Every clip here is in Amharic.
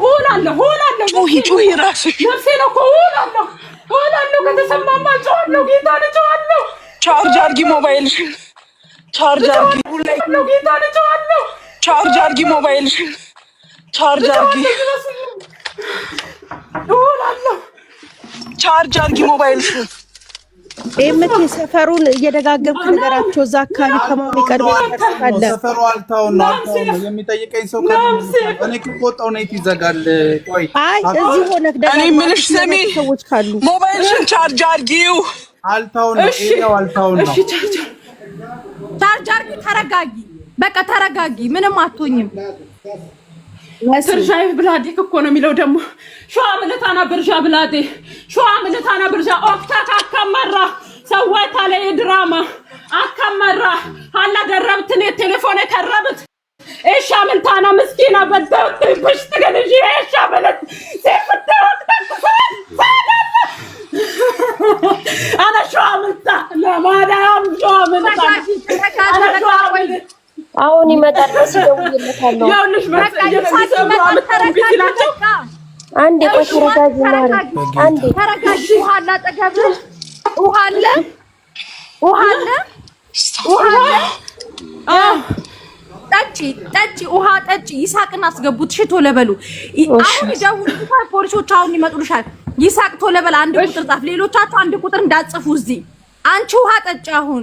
እሆናለሁ እሆናለሁ። ጩሂ ጩሂ እራስሽ ነፍሴ ነው እኮ እሆናለሁ እሆናለሁ። ከተሰማማ ጮኋለሁ፣ ጌታን ጮኋለሁ። ቻርጅ አድርጊ ሞባይልሽን፣ ቻርጅ አድርጊ ሁላችሁ፣ ጌታን ጮኋለሁ። ቻርጅ አድርጊ ሞባይልሽን፣ ቻርጅ አድርጊ እሆናለሁ። ቻርጅ አድርጊ ሞባይልሽን የምት ሰፈሩን እየደጋገምኩ ነገራቸው። እዛ አካባቢ ከማሚ ቀድሞ አለ ሰፈሩ አልታውን የሚጠይቀኝ ሰው እኔ ከቆጣው ነት ይዘጋል። ቆይ አይ እዚህ ሆነህ ደግሞ እኔ የምልሽ ስሚ፣ ሰዎች ካሉ ሞባይልሽን ቻርጅ አርጊው። አልታውን ነው አልታውን ነው። ቻርጅ አድርጊ። ተረጋጊ፣ በቃ ተረጋጊ። ምንም አትሆኝም። ብርዣይ ብላዴ እኮ ነው የሚለው። ደግሞ ሸዋ ምልታና ብርዣ ብላዴ ሸዋ ምልታና ብርዣ ኦፍታ ካካመራ ሰዋታ ላይ ድራማ አካመራ ሀላ ደረብትን ቴሌፎን የከረብት ኤሻ ምንታና ምስኪና በደውት ብሽ ትገልጂ እሻ በለት አነ ሸዋ ምንታ ለማዳም ሸዋ ምንታ አሁን ይመጣል። አንዴ ቆይ ተረጋጊ፣ አንዴ ተረጋጊ። ውሃ አለ፣ ውሃ አለ፣ ውሃ አለ። ጠጪ ጠጪ፣ ውሃ ጠጪ። ይሳቅን አስገቡት። እሺ ቶሎ በሉ። አሁን ይደውሉልሻል፣ ፖሊሶች አሁን ይመጡልሻል። ይሳቅ ቶሎ በል። አንድ ቁጥር ጻፍ። ሌሎቻችሁ አንድ ቁጥር እንዳትጽፉ እዚህ። አንቺ ውሃ ጠጪ አሁን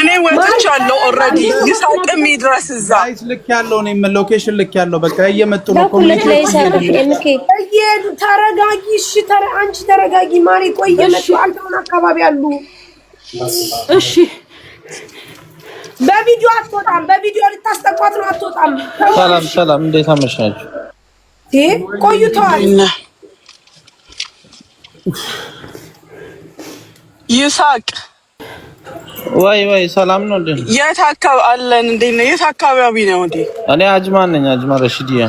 እኔ ወጥቻለሁ። ኦልሬዲ ይሳቅም ይድረስ እዛ ልክ ያለው እኔም ሎኬሽን ልክ ያለው በቃ እየመጡ ነው። ተረጋጊ፣ እሺ አንቺ ተረጋጊ። ማሬ ቆይ እየመጡ አልተሆን አካባቢ አሉ። እሺ በቪዲዮ አትወጣም፣ በቪዲዮ ልታስጠቋት ነው። አትወጣም። ሰላም ሰላም፣ እንዴት አመሻችሁ? ቆይተዋል። ይሳቅ ወይ ወይ ሰላም ነው እንዴ? የት አካባቢ አለን እንዴ? ነው የት አካባቢ ነው እንዴ? እኔ አጅማን ነኝ፣ አጅማ ረሺድያ።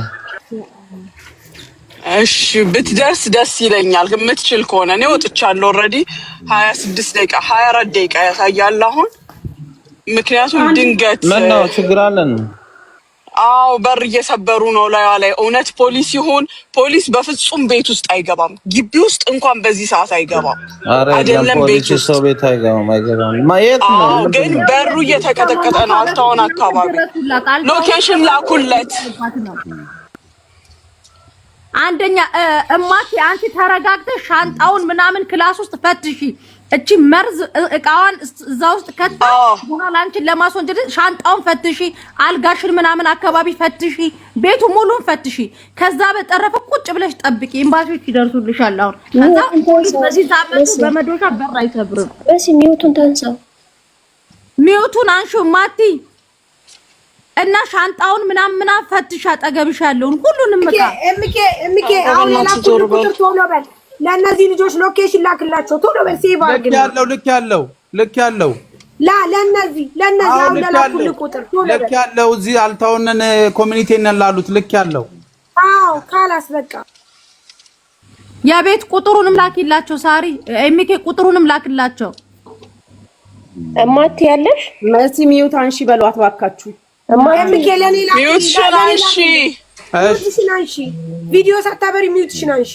እሺ ብትደርስ ደስ ይለኛል የምትችል ከሆነ እኔ ወጥቻለሁ። ኦልሬዲ 26 ደቂቃ 24 ደቂቃ ያሳያል አሁን። ምክንያቱም ድንገት ምን ነው ችግር አለን አዎ በር እየሰበሩ ነው ላዩ ላይ እውነት ፖሊስ ይሁን ፖሊስ በፍጹም ቤት ውስጥ አይገባም። ግቢ ውስጥ እንኳን በዚህ ሰዓት አይገባም። አይደለም ቤት አይገባም። ግን በሩ እየተቀጠቀጠ ነው። አልታውን አካባቢ ሎኬሽን ላኩለት። አንደኛ እማት አንቺ ተረጋግተሽ ሻንጣውን ምናምን ክላስ ውስጥ ፈትሺ እቺ መርዝ እቃዋን እዛ ውስጥ ከታ በኋላ አንቺን ለማስወንጀል ሻንጣውን ፈትሺ፣ አልጋሽን ምናምን አካባቢ ፈትሺ፣ ቤቱ ሙሉን ፈትሺ። ከዛ በጠረፈ ቁጭ ብለሽ ጠብቂ፣ ኤምባሲዎች ይደርሱልሻል። አሁን ከዛ በዚህ ታመጡ በመዶሻ በር አይሰብርም። በስ ሚውቱን ተንሳው፣ ሚውቱን አንሹ ማቲ እና ሻንጣውን ምናምን ምናምን ፈትሽ፣ አጠገብሽ ያለውን ሁሉንም እቃ እምኬ እምኬ አሁን ሌላ ቁጥር ቶሎ በል ለእነዚህ ልጆች ሎኬሽን ላክላቸው ቶሎ በል። ሴቭ አድርግ። ያለው ልክ ያለው ልክ ያለው ላ ለእነዚህ ለእነዚህ አሁን ለላኩልህ ቁጥር ቶሎ በል። ልክ ያለው እዚህ አልታውነን ኮሚኒቲ ነን ላሉት ልክ ያለው አዎ። ካላስ በቃ የቤት ቁጥሩንም ላኪላቸው። ሳሪ ኤሚኬ ቁጥሩንም ላክላቸው። እማት ያለሽ መሲ ሚዩት አንሺ በሏት ባካችሁ። ኤሚኬ ለኔ ላክ ሚዩት ሽናንሺ ቪዲዮ ሳታበሪ ሚዩት ሽናንሺ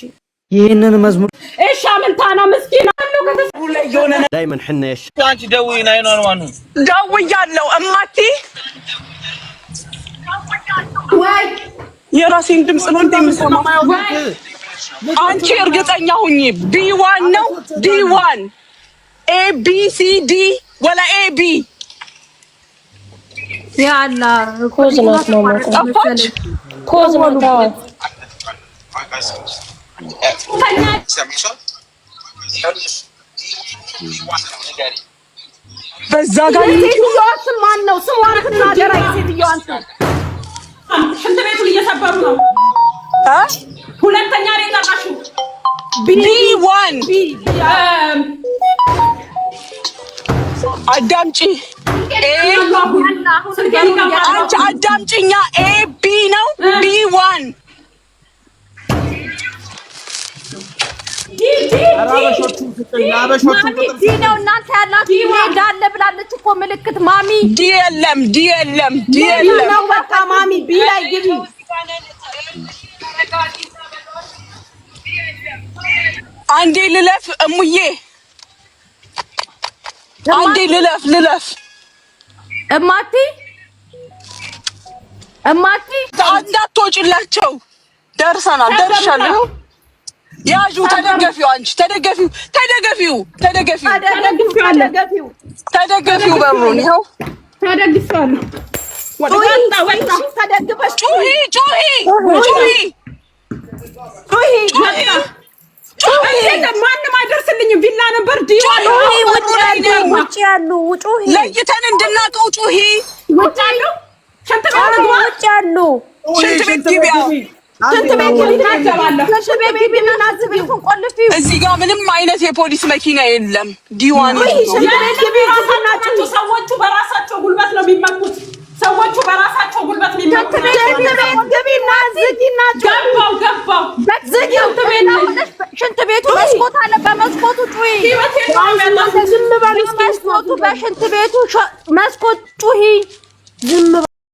ይህንን መዝሙር እሺ፣ አመልታና ምስኪና ነው ከተሰለ ላይ ምን ሐነሽ አንቺ ደውይ ናይ ነው አንዋኑ ደውያለሁ። እማቲ ወይ የራሴን ድምጽ ነው የምሰማው። አንቺ እርግጠኛ ሁኚ። ቢዋን ነው ዲዋን ኤ ቢ ሲ ዲ ወላ ኤ ቢ ያላ ኮዝ ነው ማለት ነው ኮዝ ነው ታው በዛ ጋር ስም ማን ነው ስሟ? እህትና አደራ የሴትዮዋን ስም ሽንት ቤቱን እየሰበሩ ነው። ሁለተኛ ላይ ጠራሽው ቢዋን አዳምጪ አንቺ አዳምጪኛ ኤ ቢ ነው ቢ ዋን ዲ ነው እናንተ ያላችሁ እንዳለ ብላለች እኮ ምልክት ማሚ ዲ የለም ዲ የለም ዲ የለም ነው በቃ ማሚ ቢ ላይ ግቢ አንዴ ልለፍ እሙዬ አንዴ ልለፍ ልለፍ እማቲ እማቲ እንዳትወጪላቸው ደርሰናል ደርሻለሁ ያዡ ተደገፊው፣ አንቺ ተደገፊው፣ ተደገፊው፣ ተደገፊው፣ ተደገፊው፣ በሩን ይኸው ተደግፊዋለሁ። ማንም አይደርስልኝም። ቪላ ነበር ያሉ ለይተን እንድናውቀው ጩሂ ውጭ ያሉ ሽንት ቤት ግቢያው እዚህ ጋር ምንም አይነት የፖሊስ መኪና የለም። ዲዋን ሰዎቹ በራሳቸው ጉልበት ነው የሚመጡት። ሰዎቹ በራሳቸው ጉልበት ሽንት ቤቱ መስኮት አለ። በመስኮቱ ጩሂ፣ በሽንት ቤቱ መስኮት ጩሂ። ዝም